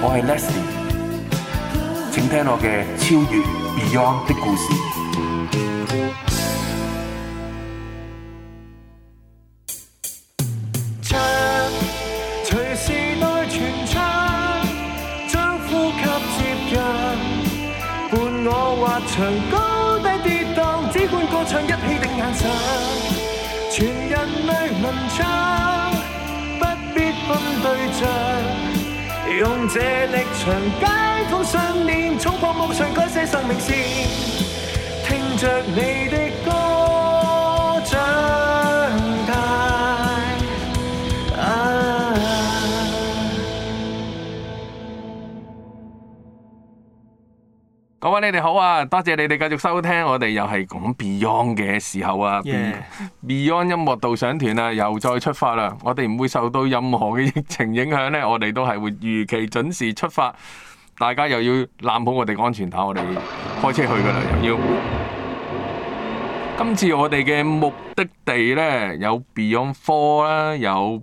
我係 Leslie，請聽我嘅超越 Beyond 的故事。唱，隨時代傳唱，將呼吸接近，伴我滑翔高低跌宕，只管歌唱一起定眼神。用這立場，解封信念，衝破夢想，改寫生命線，聽着你的。各位你哋好啊！多謝你哋繼續收聽我哋又係講 Beyond 嘅時候啊 Yeah.，Beyond 音樂導賞團啊，又再出發啦！我哋唔會受到任何嘅疫情影響呢，我哋都係會如期準時出發。大家又要攬好我哋安全帶，我哋開車去噶啦，又要 今次我哋嘅目的地呢，有 Beyond Four 啦，有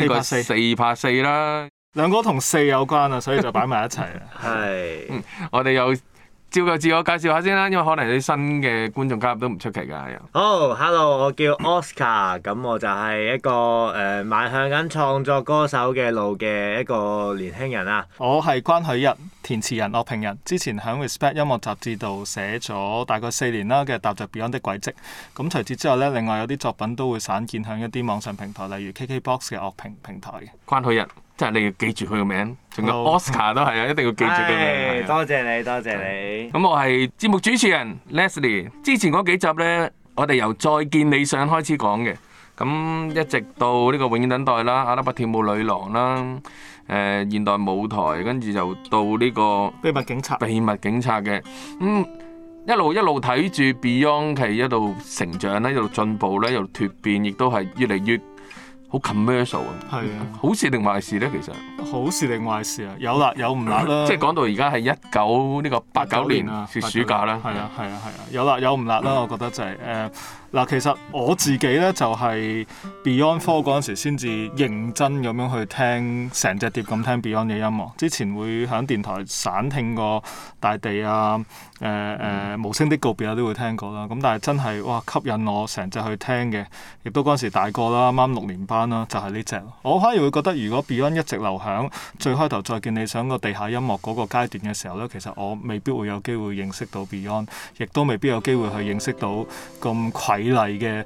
呢個四拍四啦。兩個同四有關啊，所以就擺埋一齊啦。係 是、嗯、我哋又照舊自我介紹下先啦，因為可能啲新嘅觀眾加入都唔出奇噶。好、oh,，Hello，我叫 Oscar，咁 我就係一個誒、呃、邁向緊創作歌手嘅路嘅一個年輕人啊。我係關許日填詞人、樂評人，之前喺 Respect 音樂雜誌度寫咗大概四年啦嘅踏着 Beyond 的軌跡。咁除此之外咧，另外有啲作品都會散見響一啲網上平台，例如 KKBox 嘅樂評平台。關許日。即係你要記住佢個名，仲有 Oscar 都係啊，一定要記住佢嘅名。多謝你，多謝你。咁我係節目主持人 Leslie。之前嗰幾集咧，我哋由《再見理想》開始講嘅，咁一直到呢個《永遠等待》啦，《阿拉伯跳舞女郎》啦，誒現代舞台，跟住就到呢個《秘密警察》。秘密警察嘅，咁一路一路睇住 Beyond，佢一路成長咧，一路進步咧，又脫變，亦都係越嚟越好 commercial 啊，係啊的，好事定壞事咧？其實好事定壞事啊，有辣有唔辣啦、啊。 即係講到而家係一九呢個、啊、八九年啊，暑假啦、啊。係啊係啊係啊，有辣有唔辣啦、啊， 我覺得就係、是、誒。Uh, 嗱，其實我自己咧就係、是、Beyond Four 嗰陣時先至認真咁樣去聽成隻碟咁聽 Beyond 嘅音樂。之前會響電台散聽過大地啊，誒、呃、誒、呃、無聲的告別啊，都會聽過啦。咁但係真係哇吸引我成隻去聽嘅，亦都嗰陣時大個啦，啱啱六年班啦，就係、是、呢隻。我反而會覺得，如果 Beyond 一直留響最開頭再見理想個地下音樂嗰個階段嘅時候咧，其實我未必會有機會認識到 Beyond，亦都未必有機會去認識到咁美麗嘅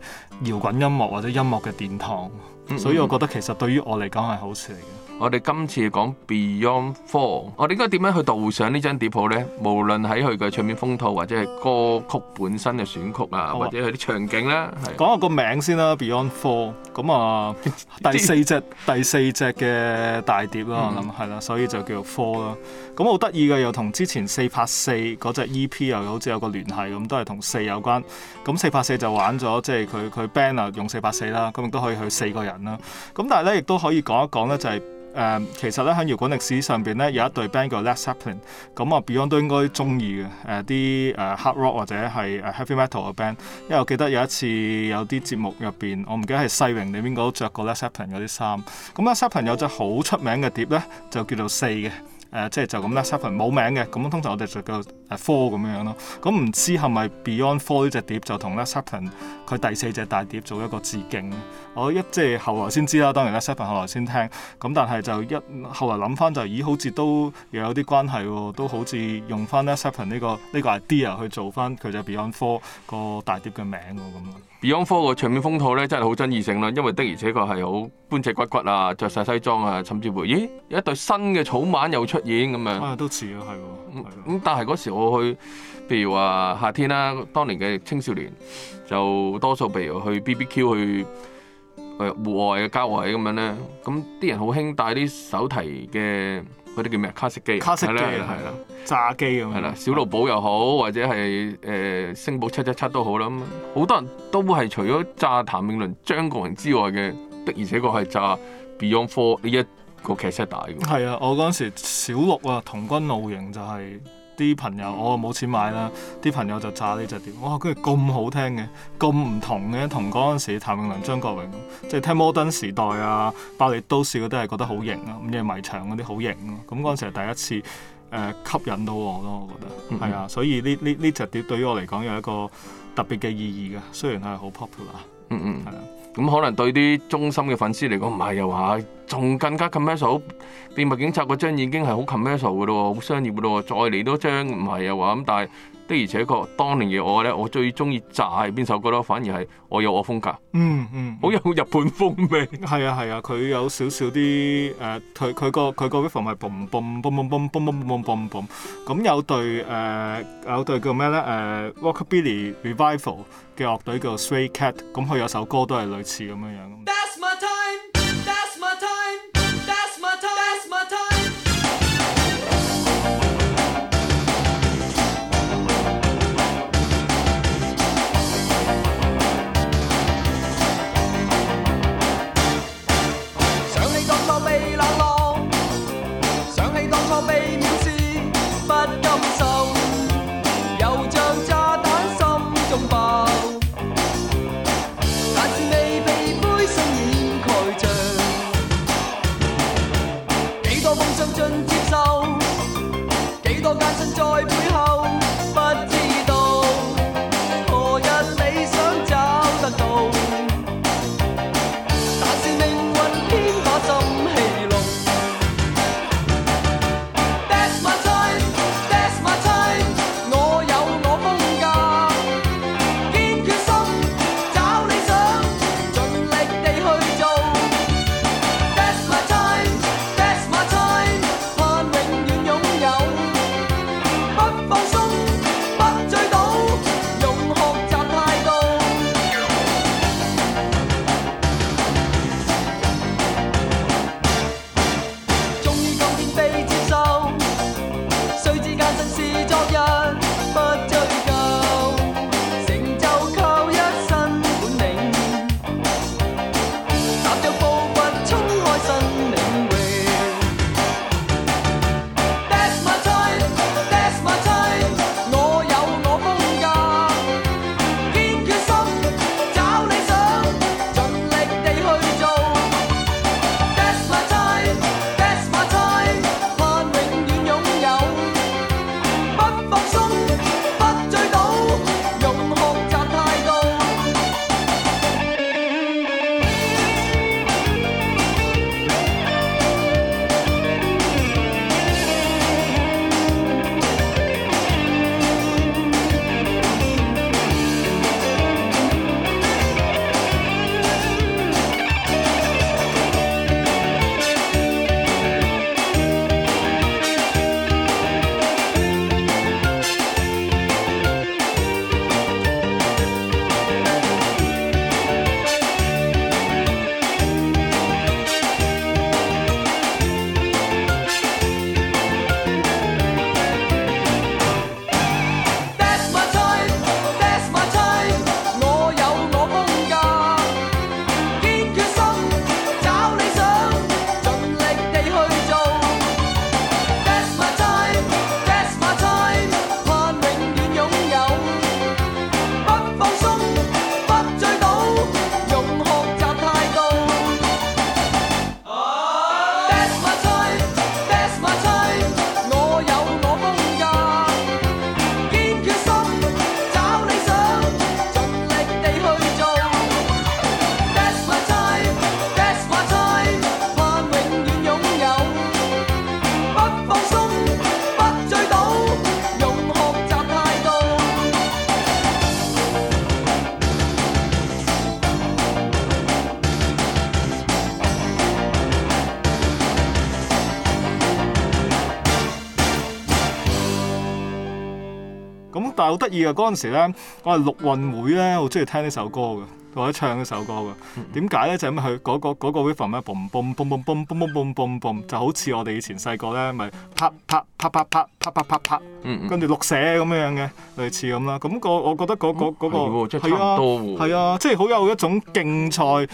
搖滾音樂或者音樂嘅殿堂，嗯，所以我覺得其實對於我嚟講係好事嚟嘅。我哋今次講 Beyond Four，我哋應該點樣去導賞呢張碟鋪咧？無論喺佢嘅唱片封套或者係歌曲本身嘅選曲啊，或者佢啲場景咧，吧的講下個名先啦。Beyond Four，咁、嗯、啊第四隻 第四隻嘅大碟啦，我諗係啦，所以就叫做 Four 啦。咁好得意嘅，又同之前四拍四嗰隻 EP 又好似有個聯繫咁，都係同四有關。咁四拍四就玩咗，即係佢佢 banner 用四拍四啦，咁亦都可以去四個人啦。咁但係咧，亦都可以講一講咧，就係、是。誒、uh, 其實咧喺搖滾歷史上邊咧有一隊 band 叫 Led Zeppelin，咁啊 Beyond 都應該中意嘅誒啲、呃、誒 hard rock 或者係 heavy metal 嘅 band。因為我記得有一次有啲節目入邊，我唔記得係世榮定邊個都着過 Led Zeppelin 嗰啲衫。咁 Led Zeppelin 有隻好出名嘅碟咧，就叫做四嘅誒，即、呃、係就咁 Led Zeppelin 冇名嘅，咁通常我哋就叫 four 咁樣咯。咁唔知係咪 Beyond four 呢隻碟就同 Led Zeppelin？第四隻大碟做一個致敬，我一即係後來先知啦，當然啦 Stephen 後來先聽，咁但係就一後來諗翻就，咦，好似都又有啲關係喎、哦，都好似用翻咧 Stephen 呢個呢、這個 idea 去做翻佢就 Beyond Four 個大碟嘅名喎咁、哦。Beyond Four 個場面風土咧真係好爭議性啦，因為的而且確係好搬隻骨骨啊，着晒西裝啊，甚至乎咦，有一對新嘅草蜢又出現咁啊、哎，都似啊係喎，咁、嗯嗯、但係嗰時我去，譬如話夏天啦、啊，當年嘅青少年就。多數，譬如去 BBQ 去誒戶外嘅郊外咁樣咧，咁啲、嗯、人好興帶啲手提嘅嗰啲叫咩？卡式機，卡式機係啦，炸機咁樣。係啦，小六寶又好，或者係誒、呃、星寶七七七都好啦。好多人都係除咗炸譚詠麟、張國榮之外嘅的，而且確係炸 Beyond Four 呢一個 case set 大、這、嘅、個。係啊，我嗰陣時小六啊，童軍露營就係、是。啲朋友我啊冇錢買啦，啲朋友就炸呢隻碟，哇！跟住咁好聽嘅，咁唔同嘅，同嗰陣時譚詠麟、張國榮即係、就是、聽《摩登時代》啊，《巴黎都市》嗰啲係覺得好型啊，《午夜迷牆》嗰啲好型咯。咁嗰陣時係第一次誒、呃、吸引到我咯，我覺得係、嗯嗯、啊。所以呢呢呢隻碟對於我嚟講有一個特別嘅意義㗎。雖然係好 popular，嗯嗯，係啊。咁可能對啲忠心嘅粉絲嚟講唔係又話。仲更加 commercial，秘密警察嗰張已經係好 commercial 嘅咯，好商業嘅咯，再嚟多張唔係啊話咁，但係的而且確當年嘅，我咧我最中意炸係邊首歌咯，反而係我有我風格，嗯嗯，好有日本風味，係啊係啊，佢有少少啲誒，佢佢個佢個 verse 咪 boom boom boom boom boom boom boom boom boom boom boom 咁，有隊誒有隊叫咩咧誒 Rockabilly revival 嘅樂隊叫 Three Cat，咁佢有首歌都係類似咁樣樣。好得意啊！嗰陣 時咧，我係陸運會咧，好中意聽呢首歌嘅，或者唱呢首歌嘅。點解咧？就咁佢嗰個嗰、那個嗰個嗰啲份嘣嘣嘣嘣嘣嘣嘣嘣嘣嘣嘣就好似我哋以前細個咧，咪拍拍拍拍拍拍拍拍，跟住錄寫咁樣嘅，類似咁啦。咁、那、我、個、我覺得嗰、那個嗰、嗯嗯嗰個係、哦、啊，即係好有一種競賽誒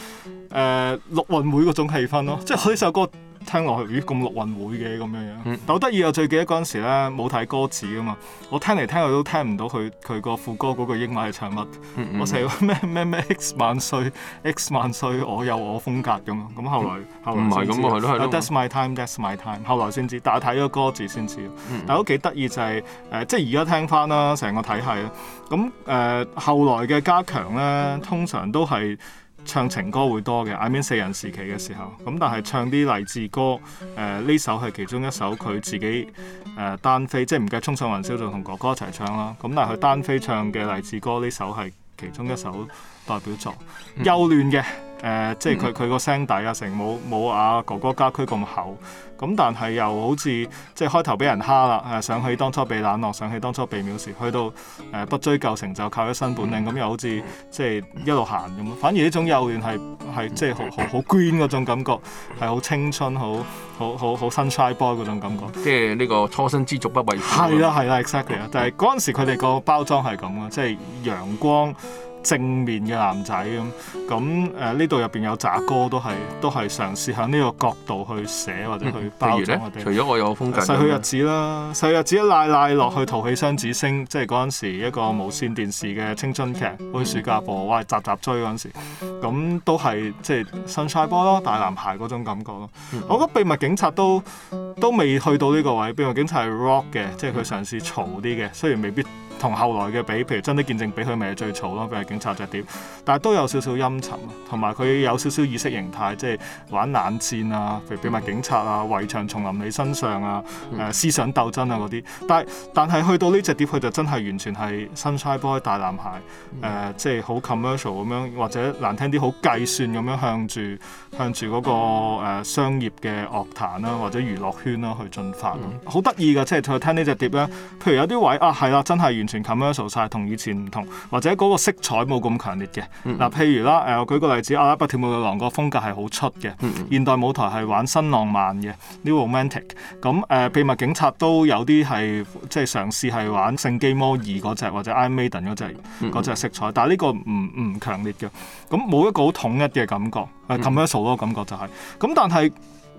陸運會嗰種氣氛咯。即係佢首歌。聽落去，咦，咁陸運會嘅咁樣樣，嗯、但係好得意我最記得嗰陣時咧，冇睇歌詞㗎嘛，我聽嚟聽去都聽唔到佢佢個副歌嗰句英文係唱乜，嗯嗯我成日咩咩咩 X 萬歲，X 萬歲，我有我風格咁樣。咁後來，嗯、後來先知，That's my time, That's my time。後來先知，但係睇咗歌詞先知。但係都幾得意就係，誒，即係而家聽返啦，成個體系咁誒，後來嘅加強咧，通常都係。唱情歌會多嘅，I mean 四人時期嘅時候，咁但係唱啲勵志歌，誒、呃、呢首係其中一首佢自己誒、呃、單飛，即係唔計沖上雲霄就同哥哥一齊唱啦。咁但係佢單飛唱嘅勵志歌呢首係其中一首代表作，幼嫩嘅，誒、呃、即係佢佢個聲底、呃嗯、啊，成冇冇阿哥哥家駒咁厚。咁但係又好似即係開頭俾人蝦啦，係、呃、想起當初被冷落，想起當初被藐視，去到誒、呃、不追究成就，靠一身本領」咁又好似即係一路行咁咯。反而呢種幼嫩係係即係好好好 green 嗰種感覺，係好青春，好好好好 sunshine boy 嗰種感覺。即係呢個初生之犢不畏。係啦係啦，exactly 啊！但係嗰陣時佢哋個包裝係咁咯，即係陽光。正面嘅男仔咁，咁誒呢度入邊有咋歌都係都係嘗試喺呢個角度去寫或者去包裝我哋、嗯。們除咗我有風格、呃，細細日子啦，細日子一賴賴落去淘氣雙子星，嗯、即係嗰陣時一個無線電視嘅青春劇，去暑假播，哇，集集追嗰陣時，咁都係即係新曬波咯，大男孩嗰種感覺咯。嗯、我覺得秘密警察都都未去到呢個位，秘密警察係 rock 嘅，即係佢嘗試嘈啲嘅，雖然未必。同後來嘅比，譬如真的見證畀佢咪係最燥咯，譬如警察隻碟，但係都有少少陰沉，同埋佢有少少意識形態，即係玩冷戰啊，譬如秘密警察啊，圍牆叢林你身上啊，誒、呃、思想鬥爭啊嗰啲。但係但係去到呢隻碟，佢就真係完全係 sunshine boy 大男孩，誒、呃、即係好 commercial 咁樣，ial, 或者難聽啲好計算咁樣向住向住嗰個商業嘅樂壇啦、啊，或者娛樂圈啦、啊、去進發，好得意㗎，即係佢聽呢隻碟咧，譬如有啲位啊係啦，真係完全 commercial 晒，同以前唔同，或者嗰個色彩冇咁強烈嘅。嗱、嗯，譬如啦，誒、呃，舉個例子，《阿拉伯跳舞女郎》個風格係好出嘅，嗯嗯、現代舞台係玩新浪漫嘅，New Romantic、嗯。咁誒，《秘密警察》都有啲係即係嘗試係玩聖飢魔 II 嗰隻，或者 Iron Maiden 嗰隻嗰隻色彩，但係呢個唔唔強烈嘅，咁、嗯、冇一個好統一嘅感覺、呃、commercial 嗰個感覺就係、是。咁、嗯嗯嗯嗯嗯、但係誒、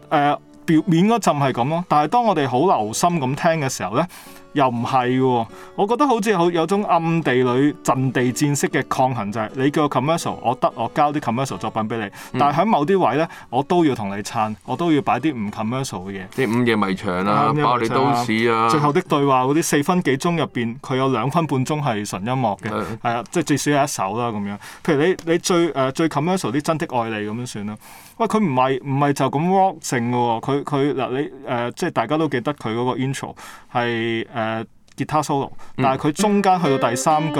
呃、表面嗰陣係咁咯，但係當我哋好留心咁聽嘅時候咧。又唔係喎，我覺得好似好有種暗地裏陣地戰式嘅抗衡，就係你叫我 commercial，我得我交啲、ER、commercial 作品俾你，但係喺某啲位咧，我都要同你撐，我都要擺啲唔 commercial 嘅嘢，啲午夜迷牆啦，巴黎都市啊，最後的對話嗰啲四分幾鐘入邊，佢有兩分半鐘係純音樂嘅，係啊，即係、嗯、至少有一首啦咁樣。譬如你你最誒、呃、最 commercial 啲真的愛你咁樣算啦。喂，佢唔係唔係就咁 rock 成嘅喎，佢佢嗱你誒即係大家都記得佢嗰個 intro 係誒吉、uh, 嗯、他 solo，但係佢中間去到第三句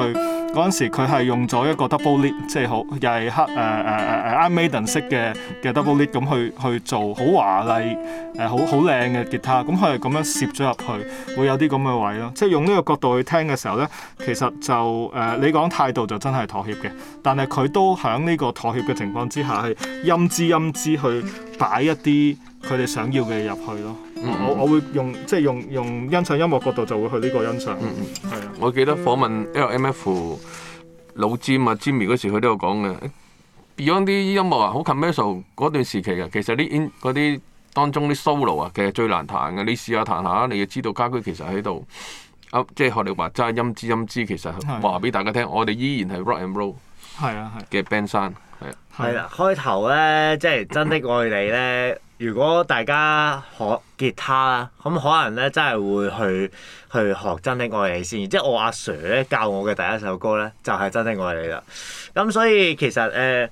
嗰陣時，佢係用咗一個 double lead，即係好又係黑誒誒、uh, 誒、uh, uh, Iron Maiden 式嘅嘅 double lead 咁去去做、uh, 好，好華麗誒好好靚嘅吉他，咁佢係咁樣攝咗入去，會有啲咁嘅位咯。即係用呢個角度去聽嘅時候咧，其實就誒、uh, 你講態度就真係妥協嘅，但係佢都喺呢個妥協嘅情況之下，係陰知陰知去擺一啲。佢哋想要嘅入去咯，我我會用即係用用欣賞音樂角度就會去呢個欣賞。嗯嗯，係啊。我記得訪問 L M F 老詹啊詹米嗰時，佢都有講嘅。Beyond 啲音樂啊，好 commercial 嗰段時期啊，其實啲 in 啲當中啲 solo 啊，其實最難彈嘅。你試下彈下，你要知道家居其實喺度。即係學你話齋，音知音知。其實話俾大家聽，我哋依然係 rock and roll。係啊，係嘅 band 山係啊。係啦，開頭咧，即係真的愛你咧。如果大家學吉他啦，咁可能咧真係會去去學《真的愛你》先，即係我阿 Sir 咧教我嘅第一首歌咧就係、是《真的愛你》啦。咁所以其實誒、呃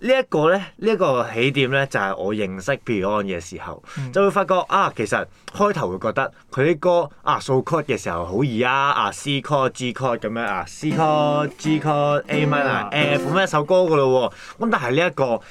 這個、呢一個咧，呢、這、一個起點咧就係、是、我認識 Beyond 嘅時候，嗯、就會發覺啊，其實開頭會覺得佢啲歌啊數 chord 嘅時候好易啊，啊 C chord、G chord 咁樣啊，C chord、G chord、A minor 啊、chord, chord, minor, F m 一首歌噶咯喎。咁但係呢一個。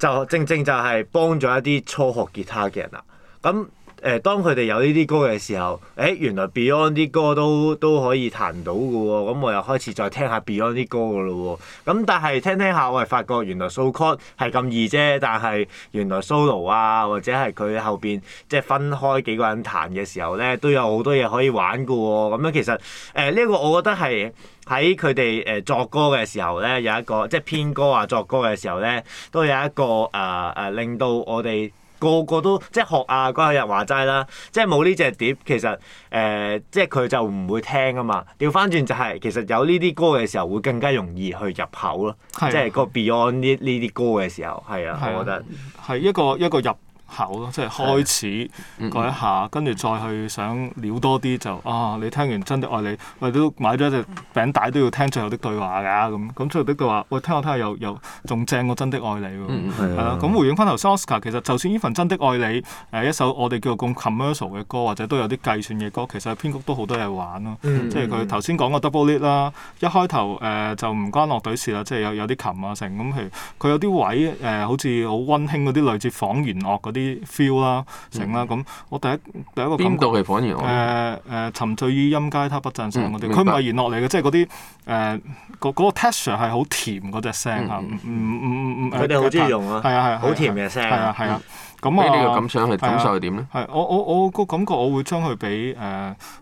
就正正就係幫咗一啲初學吉他嘅人啦。咁誒、呃，當佢哋有呢啲歌嘅時候，誒、欸、原來 Beyond 啲歌都都可以彈到嘅喎、哦。咁我又開始再聽下 Beyond 啲歌嘅咯喎。咁但係聽聽下，我係發覺原來掃 chord 係咁易啫。但係原來 solo 啊，或者係佢後邊即係分開幾個人彈嘅時候咧，都有好多嘢可以玩嘅喎、哦。咁樣其實誒呢一個我覺得係。喺佢哋誒作歌嘅時候咧，有一個即係編歌啊、作歌嘅時候咧，都有一個誒誒令到我哋個個都即係學啊、嗰、日話齋啦，即係冇呢隻碟，其實誒、呃、即係佢就唔會聽啊嘛。調翻轉就係、是、其實有呢啲歌嘅時候會更加容易去入口咯，啊、即係個 Beyond 呢呢啲歌嘅時候，係啊，我覺得係、啊、一個一個入口咯，即係開始嗰一下，嗯、跟住再去想了多啲就啊！你聽完《真的愛你》，喂都買咗一隻餅帶都要聽最後的對話㗎咁。咁最後的對話喂聽下聽下又又仲正過《真的愛你》喎，係啦。咁回應翻頭 Saucer 其實就算呢份《真的愛你》誒、呃、一首我哋叫做咁 commercial 嘅歌，或者都有啲計算嘅歌，其實編曲都好多嘢玩咯、啊。嗯、即係佢頭先講個 double lead 啦，一開頭誒、呃、就唔關樂隊事啦，即係有有啲琴啊成咁。嗯、譬如佢有啲位誒、呃、好似好溫馨嗰啲，類似仿弦樂嗰啲。feel 啦，成啦，咁我第一第一個感覺係仿完落嚟？誒誒，沉醉於音階，他不讚賞我哋。佢唔係完落嚟嘅，即係嗰啲誒嗰嗰個 tessure 係好甜嗰隻聲啊！唔唔唔佢哋好中意用啊，係啊係啊，好甜嘅聲啊係啊！咁我呢個感想係感想係點咧？係我我我個感覺，我會將佢比誒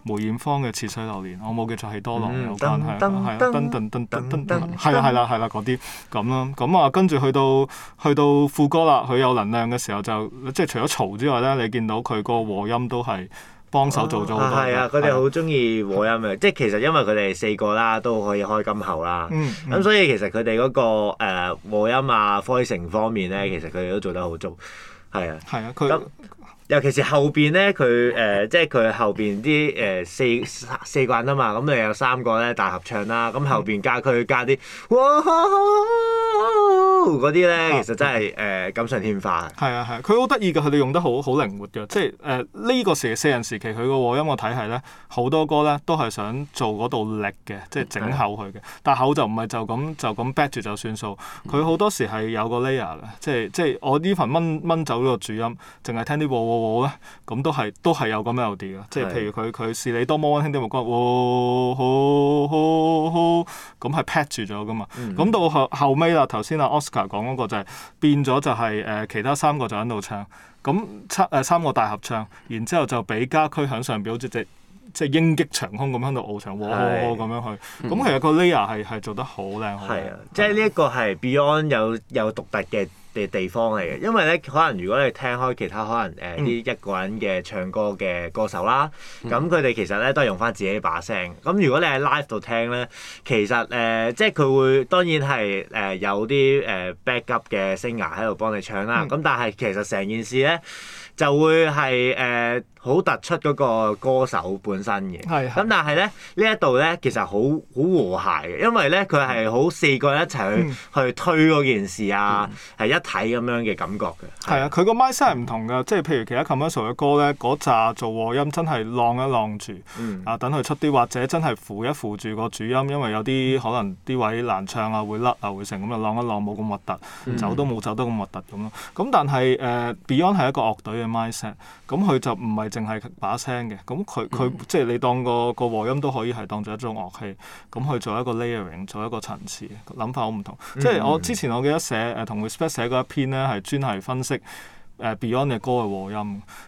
梅艷芳嘅《似水流年》，我冇記錯係多瑙有關係啦，係啊，啦係啦係啦，嗰啲咁咯，咁啊跟住去到去到副歌啦，佢有能量嘅時候就。即係除咗嘈之外咧，你見到佢個和音都係幫手做咗好多。係、哦、啊，佢哋好中意和音嘅，即係、啊、其實因為佢哋四個啦都可以開金口啦。咁、嗯嗯、所以其實佢哋嗰個誒、呃、和音啊 voicing 方面咧，嗯、其實佢哋都做得好足。係啊。係啊，佢。那尤其是後邊咧，佢誒、呃、即係佢後邊啲誒四四個人啊嘛，咁你有三個咧大合唱啦，咁後邊加佢加啲嗰啲咧，呢啊、其實真係誒、呃、錦上添花。係啊係，佢好得意㗎，佢哋用得好好靈活㗎，即係誒呢個時四人時期佢個和音樂體系咧，好多歌咧都係想做嗰度力嘅，即係整口佢嘅，的但口就唔係就咁就咁 back 住就算數。佢好多時係有個 layer 即係即係我呢份掹掹走咗個主音，淨係聽啲。我咧，咁、哦、都係都係有個 melody 嘅，即係譬如佢佢的視你多摩溫馨啲，目光，哇、哦，好好好，咁係 pat 住咗噶嘛。咁、嗯、到後後尾啦，頭先阿 Oscar 講嗰個就係、是、變咗、就是，就係誒其他三個就喺度唱，咁七誒、呃、三個大合唱，然之後就俾家駒響上表直接。即係鷹擊長空咁喺度翱翔，哇咁樣去，咁其實個 layer 係係做得好靚好靚。係啊，即係呢一個係 Beyond 有有獨特嘅地地方嚟嘅。因為咧，可能如果你聽開其他可能誒啲一個人嘅唱歌嘅歌手啦，咁佢哋其實咧都係用返自己把聲。咁如果你喺 live 度聽咧，其實誒即係佢會當然係誒有啲誒 back up 嘅 singer 喺度幫你唱啦。咁但係其實成件事咧就會係誒。好突出嗰個歌手本身嘅，咁是是、嗯、但係咧呢一度咧其實好好和諧嘅，因為咧佢係好四個人一齊去、嗯、去推嗰件事啊，係、嗯、一體咁樣嘅感覺嘅。係啊，佢個 mindset 唔同㗎，即係譬如其他 commercial 嘅歌咧，嗰扎做和音真係浪一浪住、嗯、啊，等佢出啲，或者真係扶一扶住個主音，因為有啲可能啲位難唱啊，會甩啊，會成咁就浪一浪，冇咁核突，走都冇走得咁核突咁咯。咁但係誒、呃、Beyond 係一個樂隊嘅 mindset，咁佢就唔係。定係把聲嘅，咁佢佢即係你當個個和音都可以係當做一種樂器，咁去做一個 layering，做一個層次，諗法好唔同。Mm. 即係我之前我記得寫誒同、呃、respect re 寫嗰一篇咧，係專係分析誒、呃、Beyond 嘅歌嘅和音。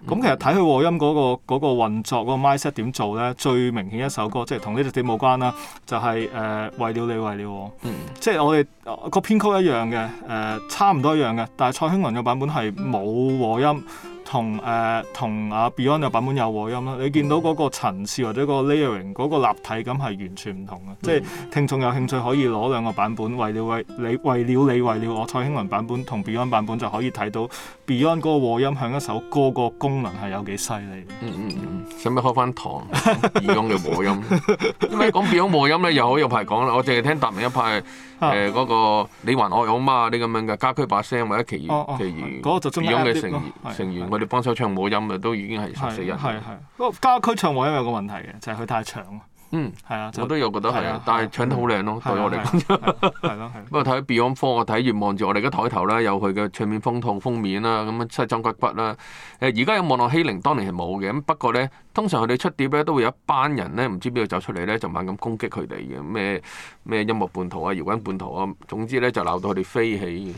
咁、mm. 其實睇佢和音嗰、那個嗰、那個、運作嗰、那個 mindset 點做咧，最明顯一首歌，即係同呢隻碟冇關啦，就係、是、誒、呃、為了你為了我，mm. 即係我哋個編曲一樣嘅，誒、呃、差唔多一樣嘅，但係蔡興宏嘅版本係冇和音。Mm. 同誒同啊、呃、Beyond 嘅版本有和音啦，你見到嗰個層次或者個 layering 嗰個立體感係完全唔同嘅，mm. 即係聽眾有興趣可以攞兩個版本，為了為你為,為了你為了我蔡興文版本同 Beyond 版本就可以睇到 Beyond 嗰個和音響一首歌個功能係有幾犀利。嗯嗯嗯，使唔使開翻堂 Beyond 嘅和音？ 因為講 Beyond 和音咧，又好有排講啦，我淨係聽達明一派。誒嗰、啊呃那個你還愛我嗎啲、啊、咁樣嘅家駒把聲或者其餘、啊啊、其餘員，嗰個就中音嘅成員、啊、成員我哋幫手唱冇音嘅都已經係十四人。係係，不過家駒唱冇音有個問題嘅就係、是、佢太長。嗯，係啊，我都有覺得係，但係唱得好靚咯。對我嚟講，係咯，不過睇《Beyond》四我睇完望住我哋嘅枱頭啦，有佢嘅全面封套封面啦，咁樣西裝骨骨啦。誒而家有網絡欺凌，當年係冇嘅咁。不過咧，通常佢哋出碟咧都會有一班人咧，唔知邊度走出嚟咧就猛咁攻擊佢哋嘅咩咩音樂叛徒啊、搖滾叛徒啊。總之咧就鬧到佢哋飛起。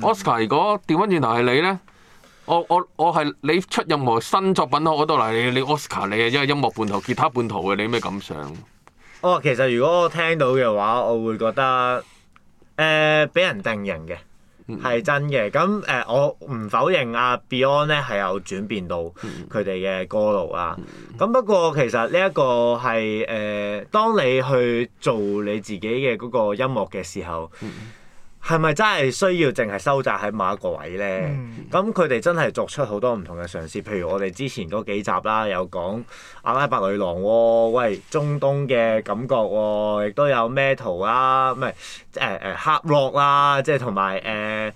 Oscar，如果調翻轉頭係你咧？我我我係你出任何新作品我都嗱你你 Oscar 你嘅音樂半途、吉他半途嘅你咩感想？哦，其實如果我聽到嘅話，我會覺得誒俾、呃、人定型嘅係真嘅。咁誒、嗯呃，我唔否認阿、啊、Beyond 咧係有轉變到佢哋嘅歌路啊。咁、嗯、不過其實呢一個係誒、呃，當你去做你自己嘅嗰個音樂嘅時候。嗯係咪真係需要淨係收窄喺某一個位咧？咁佢哋真係作出好多唔同嘅嘗試，譬如我哋之前嗰幾集啦，有講阿拉伯女郎喎、哦，喂，中東嘅感覺喎、哦，亦都有 metal 啦，唔係誒誒 hard rock 啦，即係同埋誒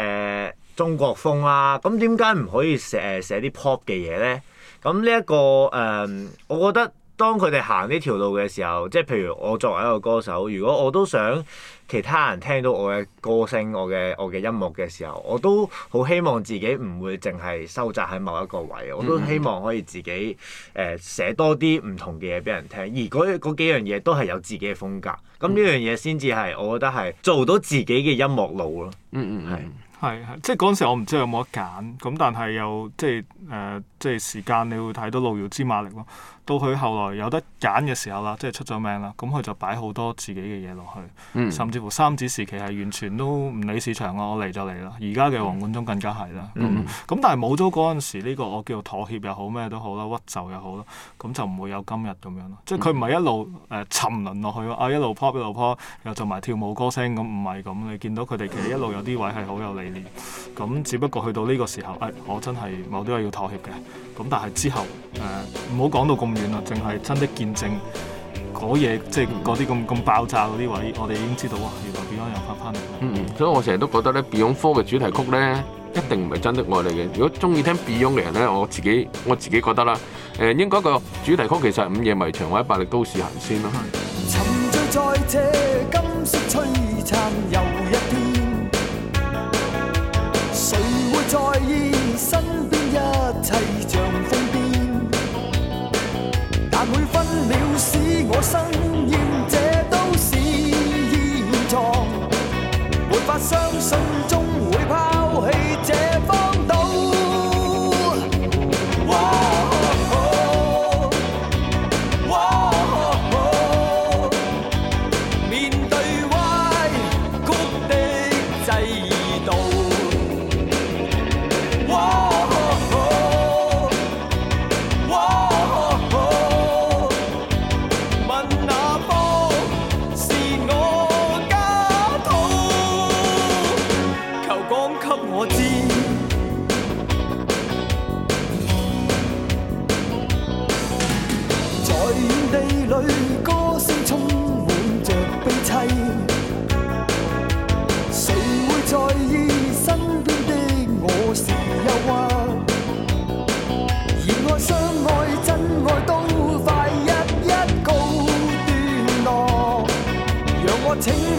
誒中國風啦、啊。咁點解唔可以寫寫啲 pop 嘅嘢咧？咁呢一個誒、呃，我覺得。當佢哋行呢條路嘅時候，即係譬如我作為一個歌手，如果我都想其他人聽到我嘅歌聲、我嘅我嘅音樂嘅時候，我都好希望自己唔會淨係收窄喺某一個位，我都希望可以自己誒、呃、寫多啲唔同嘅嘢俾人聽，而嗰嗰幾樣嘢都係有自己嘅風格，咁呢樣嘢先至係我覺得係做到自己嘅音樂路咯。嗯嗯係，係係即係嗰陣時我唔知有冇得揀，咁但係又即係誒。呃即係時間，你會睇到路遙知馬力咯。到佢後來有得揀嘅時候啦，即係出咗名啦，咁佢就擺好多自己嘅嘢落去，甚至乎三子時期係完全都唔理市場啊，我嚟就嚟啦。而家嘅黃貫中更加係啦。咁但係冇咗嗰陣時呢個，我叫妥協又好咩都好啦，屈就又好啦，咁就唔會有今日咁樣咯。即係佢唔係一路誒沉淪落去咯，啊一路 pop 一路 pop，又做埋跳舞歌聲咁，唔係咁。你見到佢哋其實一路有啲位係好有理念，咁只不過去到呢個時候，誒我真係某啲位要妥協嘅。咁但係之後誒，唔好講到咁遠啦，淨係真的見證嗰嘢，即係嗰啲咁咁爆炸嗰啲位，我哋已經知道啊，原來 Beyond 又翻返嚟。嗯，所以我成日都覺得咧，Beyond 科嘅主題曲咧，一定唔係真的愛你嚟嘅。如果中意聽 Beyond 嘅人咧，我自己我自己覺得啦，誒、呃，應該個主題曲其實係《午夜迷牆》或者《百力都市行》先啦。嗯，沉醉在一切像瘋癲，但每分秒使我心厭，這都是現狀，沒法相信。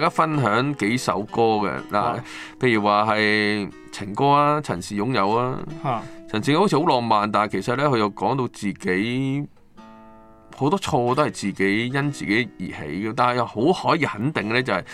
大家分享幾首歌嘅嗱，譬、啊、如話係情歌啊，陳氏擁有啊，啊陳氏好似好浪漫，但係其實咧佢又講到自己好多錯都係自己因自己而起嘅，但係又好可以肯定咧就係、是、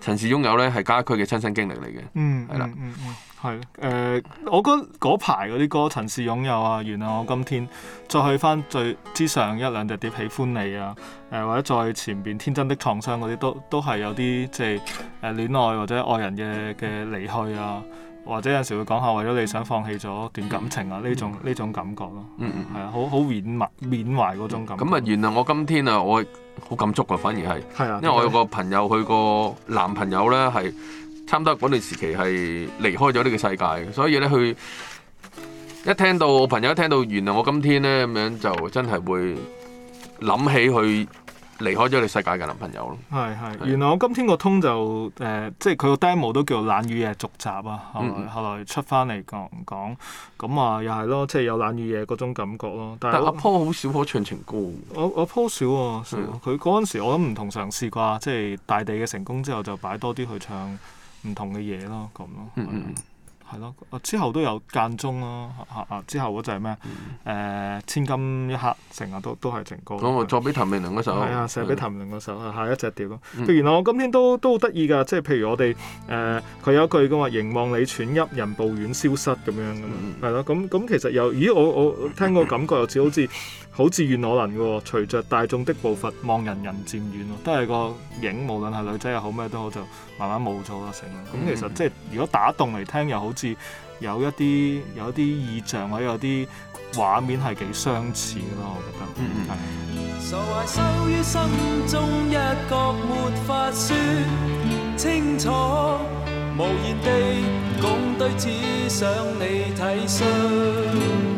陳氏擁有咧係家駒嘅親身經歷嚟嘅，係、嗯、啦。嗯嗯嗯。係，誒、呃，我覺得嗰排嗰啲歌，陳氏擁有啊，原諒我今天再去翻最之上一兩隻碟，喜歡你啊，誒、呃，或者再前邊天真的創傷嗰啲，都都係有啲即係誒、呃、戀愛或者愛人嘅嘅離去啊，或者有時會講下為咗你想放棄咗段感情啊，呢種呢、嗯嗯嗯嗯嗯、種感覺咯，嗯嗯，嗯，嗯，嗯，嗯嗯，係啊，好好緬懷緬懷嗰種感覺。咁啊，原諒我今天啊，我好感觸啊，反而係，係啊，因為我有個朋友，佢個男朋友咧係。差唔多嗰段時期係離開咗呢個世界嘅，所以咧，佢一聽到我朋友一聽到原，是是是原來我今天咧，咁樣就真係會諗起佢離開咗你世界嘅男朋友咯。係係，原來我今天個通就誒，即係佢個 demo 都叫做冷雨夜續集啊，後來、嗯、後來出翻嚟講講，咁啊又係咯，即係有冷雨夜嗰種感覺咯。但阿 Paul 好少可唱情歌。我阿 Paul 少啊，佢嗰陣時我諗唔同嘗試啩，即係大地嘅成功之後就擺多啲去唱唔同嘅嘢咯，咁咯，係咯、嗯嗯，之後都有間中咯、啊啊，之後嗰隻係咩？誒、啊、千金一刻成日都都係情歌。咁我再俾譚詠麟嗰首，係啊，寫俾譚詠麟嗰首，下一隻碟咯。嗯、譬如我今天都都好得意㗎，即係譬如我哋誒佢有一句咁話：凝望你喘泣，人抱遠消失咁樣㗎嘛。係咯、嗯嗯，咁咁、嗯嗯嗯、其實又咦？我我聽個感覺又似好似。好遙遠可能嘅喎、哦，隨著大眾的步伐望人人漸遠咯、哦，都係個影，無論係女仔又好咩都好，就慢慢冇咗啦成。咁、mm hmm. 其實即係如果打動嚟聽，又好似有一啲有一啲意象或者有啲畫面係幾相似咯，我覺得。所謂、mm hmm. 是收於心中一角沒法說清楚，無言地共對，只想你睇相。Mm hmm.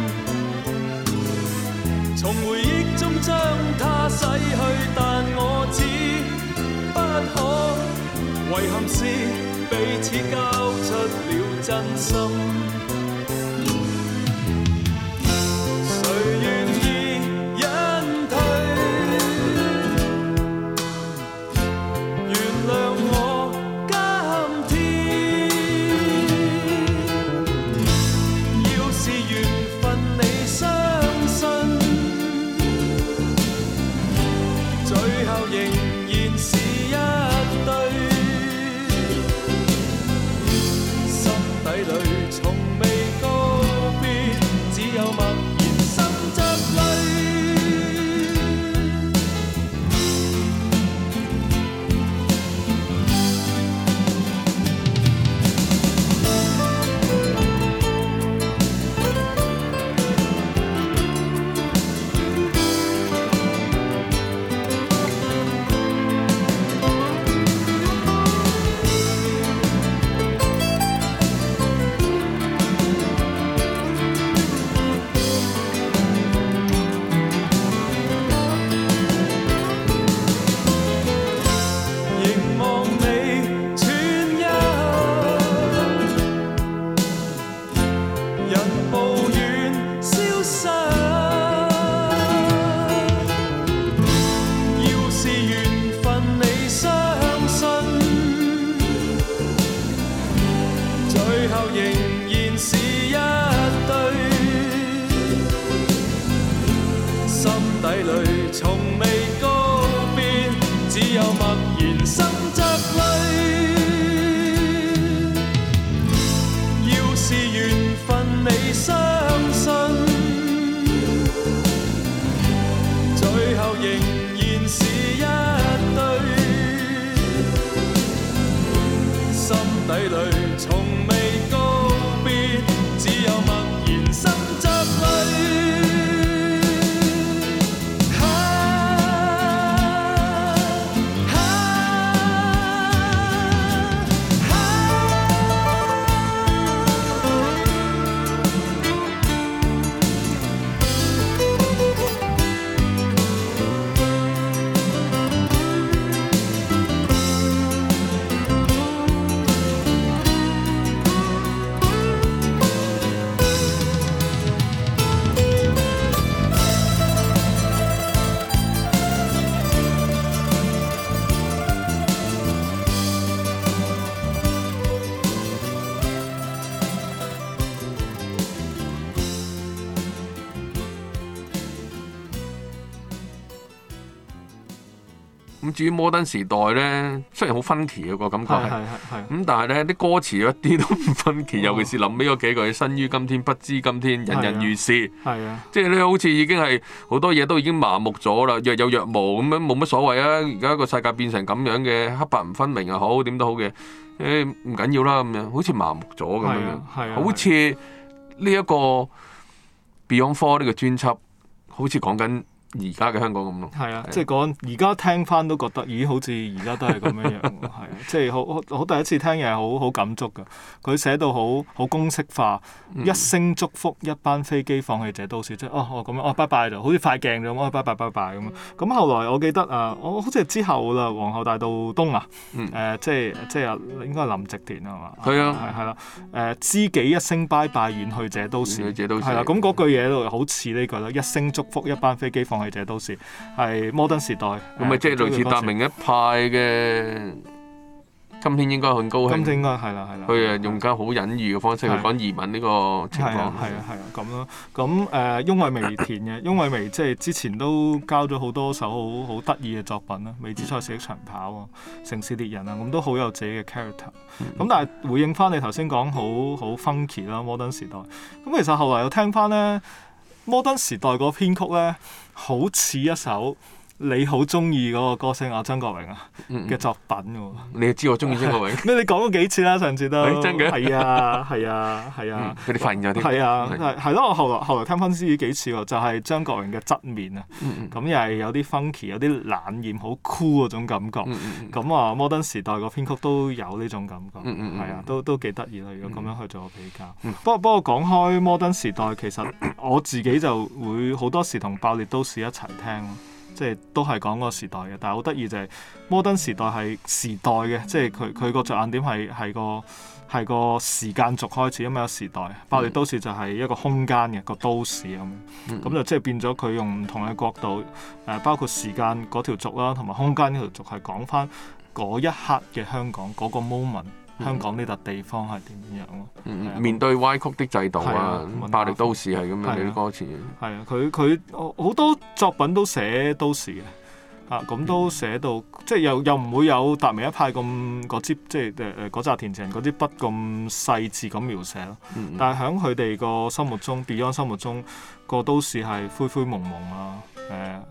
從回憶中將它洗去，但我知不可遺憾是彼此交出了真心。咁至於摩登時代咧，雖然好 funky 個感覺，咁但係咧，啲歌詞一啲都唔 funky 尤其是諗起嗰幾嘢，生於今天不知今天，人人如是，是是即係你好似已經係好多嘢都已經麻木咗啦，若有若無咁樣冇乜所謂啊。而家個世界變成咁樣嘅黑白唔分明又好點都，哎，好嘅誒，唔緊要啦咁樣，好似麻木咗咁樣，好似呢一個 Beyond Four 呢個專輯，好似講緊。而家嘅香港咁咯，係啊，嗯、即係講而家聽返都覺得，咦，好似而家都係咁樣樣，係 啊，即係好好第一次聽嘅，好好感觸㗎。佢寫到好好公式化，一聲祝福，一班飛機放棄者都市」即，即係哦哦咁樣哦拜拜就好似快鏡咁，哦拜拜拜拜咁。咁、啊、後來我記得啊，我好似之後啦，皇后大道東啊，誒即係即係啊，應該係林夕填啊嘛，係、嗯、啊，係啦、啊，誒、啊啊、知己一聲拜拜遠去者都市。遠係啦，咁嗰、嗯、句嘢都好似呢句啦，一聲祝福，一班飛機放。係就到時，係摩登時代。咁咪即係類似達明一派嘅，今天應該很高興。今次應該係啦，係啦。佢啊用緊好隱喻嘅方式的去講移民呢個情況。係啊，係啊，咁咯。咁誒，翁偉、呃、微填嘅，翁偉 微即係之前都交咗好多首好好得意嘅作品啦，《未知賽事的長跑》《城市獵人》啊，咁都好有自己嘅 character。咁但係回應翻你頭先講，好好 funky 啦摩登時代。咁其實後來又聽翻咧。摩登時代個編曲咧，好似一首你好中意嗰個歌星啊，張國榮啊嘅作品㗎喎。你知我中意張國榮咩？你講過幾次啦，上次都係真嘅。係啊，係啊，係啊。佢哋發現咗啲係啊，係咯。我後來後來聽翻《獅子》幾次喎，就係張國榮嘅側面啊。咁又係有啲 funky，有啲冷豔，好酷嗰種感覺。咁啊，《摩登時代》個編曲都有呢種感覺，係啊，都都幾得意啦。如果咁樣去做個比較，不過不過講開《摩登時代》，其實我自己就會好多時同《爆裂都市》一齊聽咯。即係都係講個時代嘅，但係好得意就係、是、摩登時代係時代嘅，即係佢佢個着眼點係係個係個時間軸開始，因為有時代。巴黎都市就係一個空間嘅個都市咁，咁就即係變咗佢用唔同嘅角度，誒、呃、包括時間嗰條軸啦、啊，同埋空間呢條軸係講翻嗰一刻嘅香港嗰、那個 moment。香港呢笪地方係點樣咯？面對歪曲的制度啊，暴力、啊、都市係咁樣啲、啊、歌詞。係啊，佢佢好多作品都寫都市嘅吓，咁、啊、都寫到、嗯、即係又又唔會有達明一派咁嗰支即係誒誒扎填詞人啲筆咁細緻咁描寫咯。但係喺佢哋個心目中嗯嗯，Beyond 心目中個都市係灰灰蒙蒙啊，誒誒誒，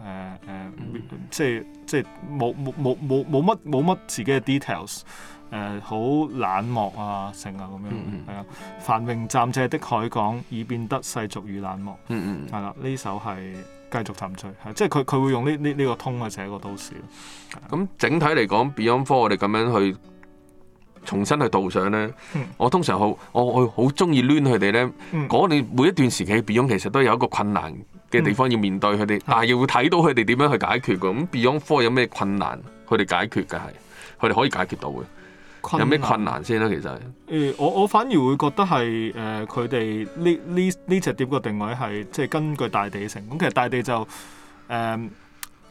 即係即係冇冇冇冇冇乜冇乜自己嘅 details。誒好、呃、冷漠啊，成啊咁樣，係啊、嗯嗯，繁榮暫借的海港已變得世俗與冷漠，係啦、嗯嗯，呢首係繼續沉醉，係即係佢佢會用呢呢呢個通去寫一個都市咁、嗯嗯、整體嚟講，Beyond Four 我哋咁樣去重新去導賞咧，嗯、我通常好我我好中意攣佢哋咧，嗰你、嗯嗯、每一段時期 Beyond 其實都有一個困難嘅地方要面對佢哋、嗯，但係要睇到佢哋點樣去解決嘅。咁、嗯嗯、Beyond Four 有咩困難？佢哋解決嘅係，佢哋可以解決到嘅。有咩困難先咧、啊？其實，誒、嗯，我我反而會覺得係誒，佢哋呢呢呢隻碟嘅定位係即係根據大地嘅成功，其實大地就誒誒、呃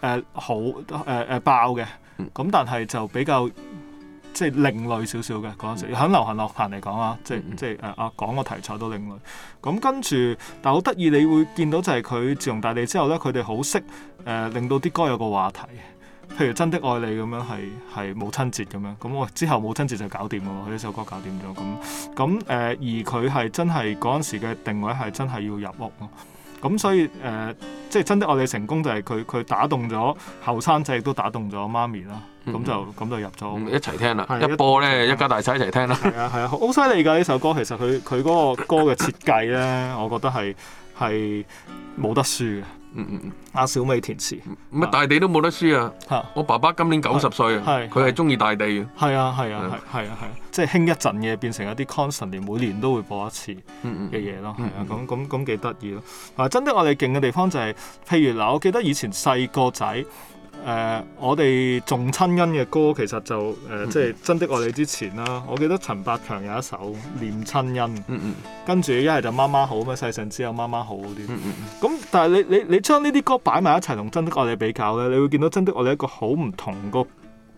呃、好誒誒、呃、爆嘅，咁但係就比較即係另類少少嘅嗰陣時，響流行樂壇嚟講啊，即即誒啊、呃、講個題材都另類，咁、嗯嗯嗯、跟住但好得意，你會見到就係佢自從大地之後咧，佢哋好識誒令到啲歌有個話題。譬如真的愛你咁樣係係母親節咁樣，咁我之後母親節就搞掂咯，佢呢首歌搞掂咗咁咁誒，而佢係真係嗰陣時嘅定位係真係要入屋咯，咁所以誒、呃、即係真的愛你成功就係佢佢打動咗後生仔，都打動咗媽咪啦，咁就咁、嗯嗯、就,就入咗屋、嗯、一齊聽啦，是一播咧一,一家大細一,一齊聽啦，係啊係啊好犀利㗎呢首歌，其實佢佢嗰個歌嘅設計咧，我覺得係係冇得輸嘅。嗯嗯嗯，阿小、啊、美填詞，乜大地都冇得輸啊！嚇，我爸爸今年九十歲啊，佢係中意大地嘅。係、哦、啊係啊係，係啊係，即係興一陣嘅變成一啲 constant 年每年都會播一次嘅嘢咯，係、嗯嗯、啊，咁咁咁幾得意咯。嗱，真、嗯、的我哋勁嘅地方就係、是，譬如嗱，我記得以前細個仔。誒、呃，我哋仲親恩嘅歌其實就誒，呃嗯、即係《真的愛你》之前啦。我記得陳百強有一首《念親恩》，嗯嗯、跟住一係就媽媽好咩，世上只有媽媽好啲。咁、嗯，嗯嗯、但係你你你將呢啲歌擺埋一齊同《真的愛你》比較咧，你會見到《真的愛你》一個好唔同個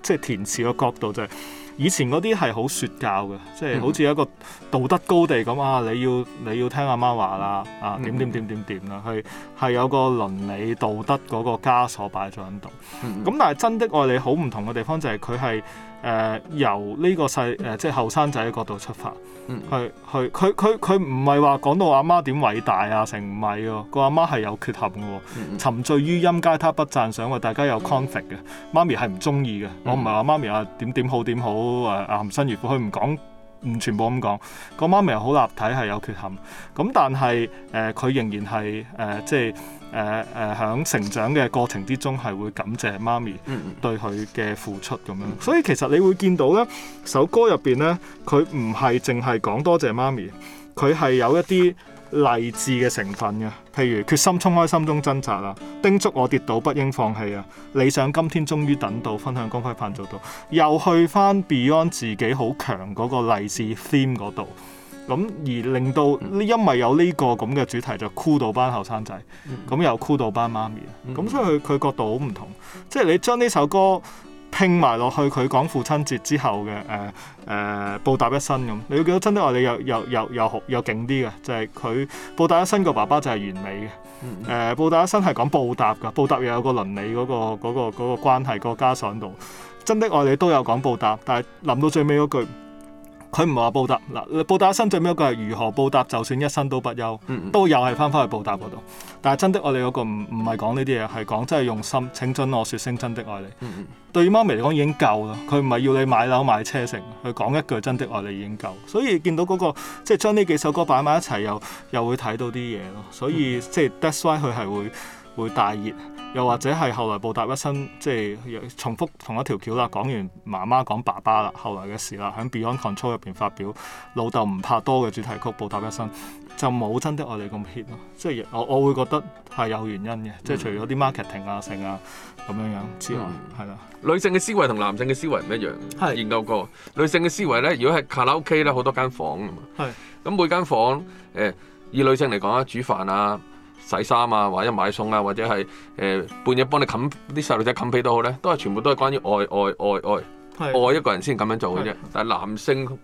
即係填詞個角度就係、是。以前嗰啲係好説教嘅，即係好似一個道德高地咁、嗯、啊！你要你要聽阿媽，媽話啦，嗯、啊點點點點點啦，佢係、啊、有個倫理道德嗰個枷鎖擺咗喺度。咁、嗯、但係真的愛你好唔同嘅地方就係佢係。誒、呃、由呢個細誒、呃、即係後生仔嘅角度出發，mm hmm. 去去佢佢佢唔係話講到阿媽點偉大啊成唔係喎，個阿媽係有缺陷嘅，mm hmm. 沉醉於音階他不讚賞，大家有 conflict 嘅，媽咪係唔中意嘅，我唔係話媽咪啊點點好點好阿含辛茹苦，佢唔講唔全部咁講，個媽咪又好立體係有缺陷，咁但係誒佢仍然係誒、呃、即係。呃即誒誒，響、呃呃、成長嘅過程之中係會感謝媽咪對佢嘅付出咁樣，嗯嗯，所以其實你會見到咧首歌入邊咧，佢唔係淨係講多謝媽咪，佢係有一啲勵志嘅成分嘅，譬如決心衝開心中掙扎啊，叮囑我跌倒不應放棄啊，理想今天終於等到分享光輝盼做到，又去翻 Beyond 自己好強嗰個勵志 theme 嗰度。咁而令到，因為有呢個咁嘅主題，就箍到班後生仔，咁、嗯、又箍到班媽咪，咁、嗯、所以佢佢角度好唔同，嗯、即係你將呢首歌拼埋落去，佢講父親節之後嘅誒誒報答一生咁，你會見到真的愛你又又又又好又勁啲嘅，就係、是、佢報答一生嘅爸爸就係完美嘅，誒、嗯呃、報答一生係講報答嘅，報答又有一個倫理嗰、那個嗰、那個嗰、那個關係個家長度，真的愛你都有講報答，但係諗到最尾嗰句。佢唔話報答，嗱，報答心，最尾一個係如何報答，就算一生都不憂，嗯嗯，都又係翻返去報答嗰度。但係真的愛你嗰個唔唔係講呢啲嘢，係講真係用心。請准我說聲真的愛你，對於媽咪嚟講已經夠啦。佢唔係要你買樓買車成，佢講一句真的愛你已經夠。所以見到嗰，那個即係將呢幾首歌擺埋一齊，又又會睇到啲嘢咯。所以嗯嗯，即係 That's why 佢係會。會大熱，又或者係後來報答一生，即係重複同一條橋啦。講完媽媽講爸爸啦，後來嘅事啦，喺 Beyond Control 入邊發表老豆唔拍多嘅主題曲報答一生，就冇真的我哋真的愛你咁 hit 咯。即係我我會覺得係有原因嘅，嗯、即係除咗啲 marketing 啊、性啊咁樣樣之外，係啦。女性嘅思維同男性嘅思維唔一樣，係研究過女性嘅思維咧，如果係卡拉 OK 咧，好多間房㗎嘛。係咁的的每間房誒、欸，以女性嚟講啊，煮飯啊。洗衫啊，或者買餸啊，或者係誒、呃、半夜幫你冚啲細路仔冚被都好咧，都係全部都係關於愛愛愛愛的愛一個人先咁樣做嘅啫。的但係男性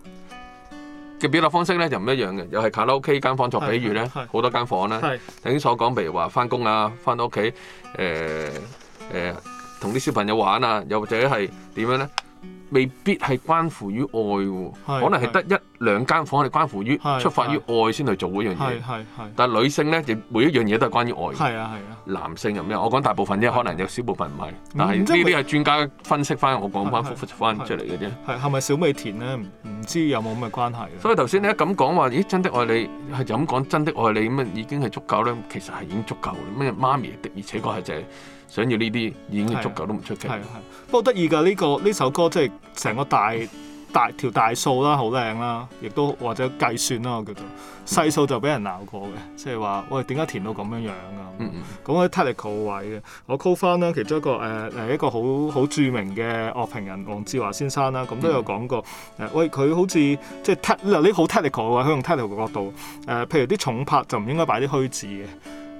嘅表達方式咧就唔一樣嘅，又係卡拉 OK 間房作比喻咧，好多間房啦，頭先所講，譬如話返工啊，返到屋企誒誒同啲小朋友玩啊，又或者係點樣咧？未必係關乎於愛嘅，是可能係得一兩間是房係關乎於是出發於愛先去做嗰樣嘢。但係女性咧，就每一樣嘢都係關於愛。係啊係啊。啊男性又咩？我講大部分啫，啊、可能有小部分唔係。嗯、但即係呢啲係專家分析翻，我講翻複翻出嚟嘅啫。係係咪小美田咧？唔知有冇咁嘅關係？所以頭先你一咁講話，咦？真的愛你係就咁講，真的愛你咁啊，已經係足夠咧。其實係已經足夠啦。咩媽咪的是、就是？的而且確係就係。想要呢啲已經足夠都唔出奇。係啊係，不過得意㗎呢個呢首歌即係成個大大條大數啦，好靚啦，亦都或者計算啦，我叫做細數就俾人鬧過嘅，即係話喂，點解填到咁樣樣，啊、㗎？嗯嗯，咁啊 technical 位嘅，我 call 翻啦，其中一個誒誒、呃、一個好好著名嘅樂評人黃志華先生啦，咁都有講過誒，喂佢好似即係 technical 好 technical 嘅話，佢 techn 用 technical 角度誒、呃，譬如啲重拍就唔應該擺啲虛字嘅。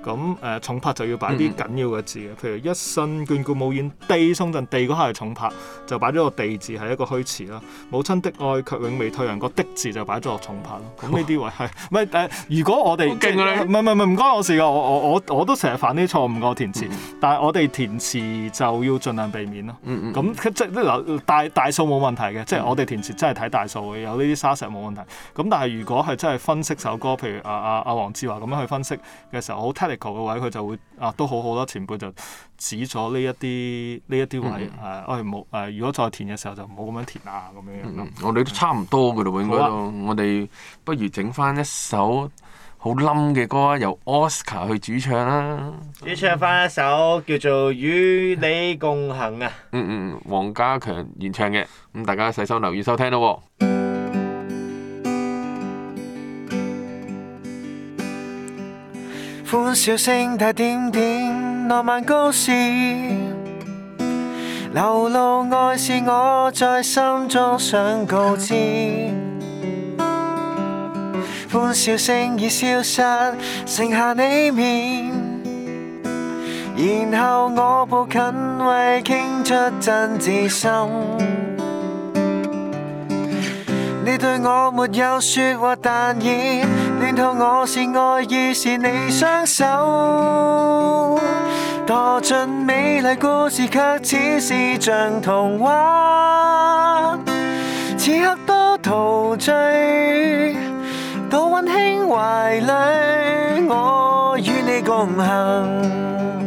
咁誒、呃、重拍就要擺啲緊要嘅字嘅，嗯、譬如一生眷顧無言地送贈地嗰下係重拍，就擺咗個地字係一個虛詞啦。母親的愛卻永未退讓，個的字就擺咗落重拍咯。咁呢啲位係，唔係哇、呃、如果我哋唔係唔係唔關我事㗎，我我我我都成日犯啲錯誤嘅填詞，嗯嗯但係我哋填詞就要盡量避免咯。咁、嗯嗯、即係大大，大數冇問題嘅，即係、嗯、我哋填詞真係睇大數嘅，有呢啲沙石冇問題。咁但係如果係真係分析首歌，譬如阿阿阿黃志華咁樣去分析嘅時候，好嘅位佢就會啊，都好好啦，前輩就指咗呢一啲呢一啲位、mm hmm. 啊，我哋冇誒，如果再填嘅時候就唔好咁樣填啊咁樣。我哋都差唔多噶嘞，會應該都。啊、我哋不如整翻一首好冧嘅歌啊，由 Oscar 去主唱啦。主唱翻一首、mm hmm. 叫做《與你共行》啊。嗯嗯嗯，嗯黃家強原唱嘅，咁大家細心留意收聽啦喎。歡笑聲帶點點浪漫故事，流露愛是我在心中想告知。歡笑聲已消失，剩下你面，然後我步近為傾出真摯心。你對我沒有說話，但已。穿透我是愛意是你雙手，墮進美麗故事卻似是像童話，此刻多陶醉，多溫馨懷裡，我與你共行。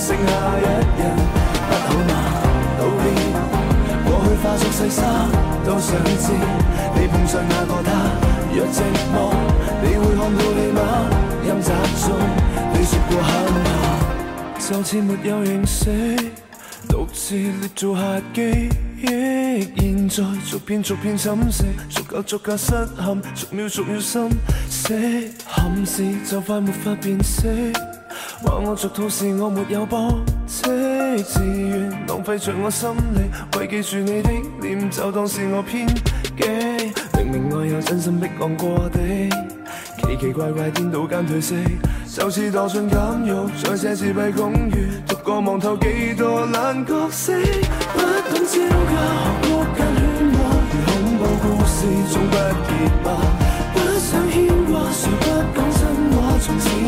剩下一人，不好嗎？道別，過去化作細沙，都想知你碰上哪個他。若寂寞，你會看到你嗎？音集中，你説過恨嗎？就似沒有認識，獨自列做下記憶。現在逐片逐片侵蝕，逐個逐個失陷，逐秒逐秒心死，憾事就快沒法辨識。話我俗套是我沒有博的自願，浪費著我心力為記住你的臉，就當是我偏激。明明愛有真心迫降過的，奇奇怪怪，怪顛倒間褪色，就是墮進監獄，在這自閉公寓，獨個望透幾多冷角色，不懂招架，何故更勸我？如恐怖故事總不結疤，不想牽掛，誰不？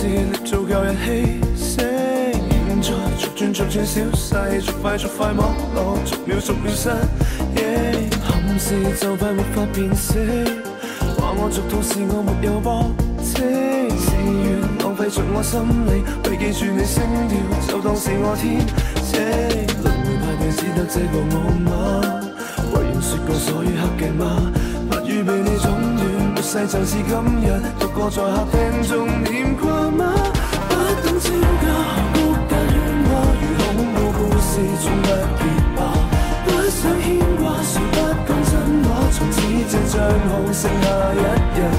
勢力做舊日氣息，現在逐漸逐漸消逝，逐快逐快沒落，逐秒逐秒失憶，憾事就快沒法辨識。話我俗套是我沒有博識，自願浪費着我心理，未記住你聲調，就當是我天職。Yeah, 輪回派對只得這個我嗎？為緣說過所以黑嘅嗎？預備你總算，末世就似今日。獨個在客廳中念掛嗎？不懂招架，如不敢戀愛，如恐怖故事總不結疤。不想牽掛，誰不講真話？從此這帳號剩下一人。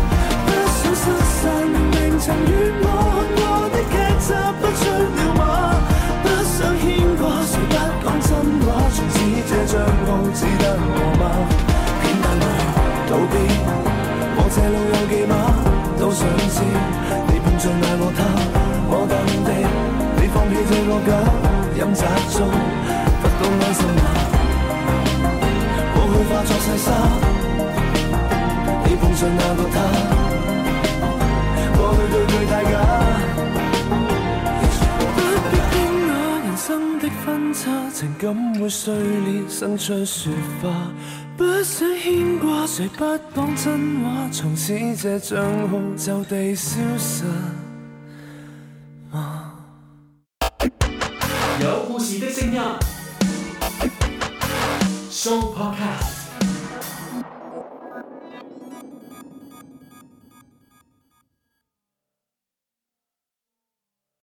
不想失散，明明曾與我看過的劇集不出了嗎？不想牽掛，誰不講真話？從此這帳號只得我嗎？想知你碰上那個他，我淡定。你放棄這個家，飲泣中得到安心嗎？過去化作細沙，你碰上那個他，啊，過去句句太假。不必驚訝，人生的分岔，情感會碎裂，生出雪花。想牽掛，誰不講真話，從此這賬號就地消失。